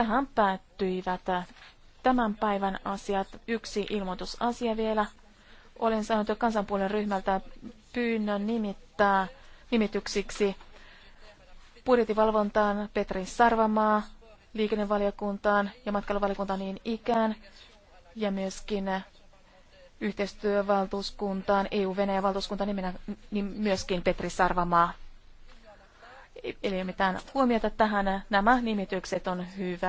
Tähän päättyivät tämän päivän asiat. Yksi ilmoitusasia vielä. Olen saanut jo kansanpuolen ryhmältä pyynnön nimittää nimityksiksi budjetivalvontaan Petri Sarvamaa, liikennevaliokuntaan ja matkailuvaliokuntaan niin ikään ja myöskin yhteistyövaltuuskuntaan, EU-Venäjän valtuuskuntaan nimenä, niin myöskin Petri Sarvamaa. Eli ei mitään huomiota tähän. Nämä nimitykset on hyvä.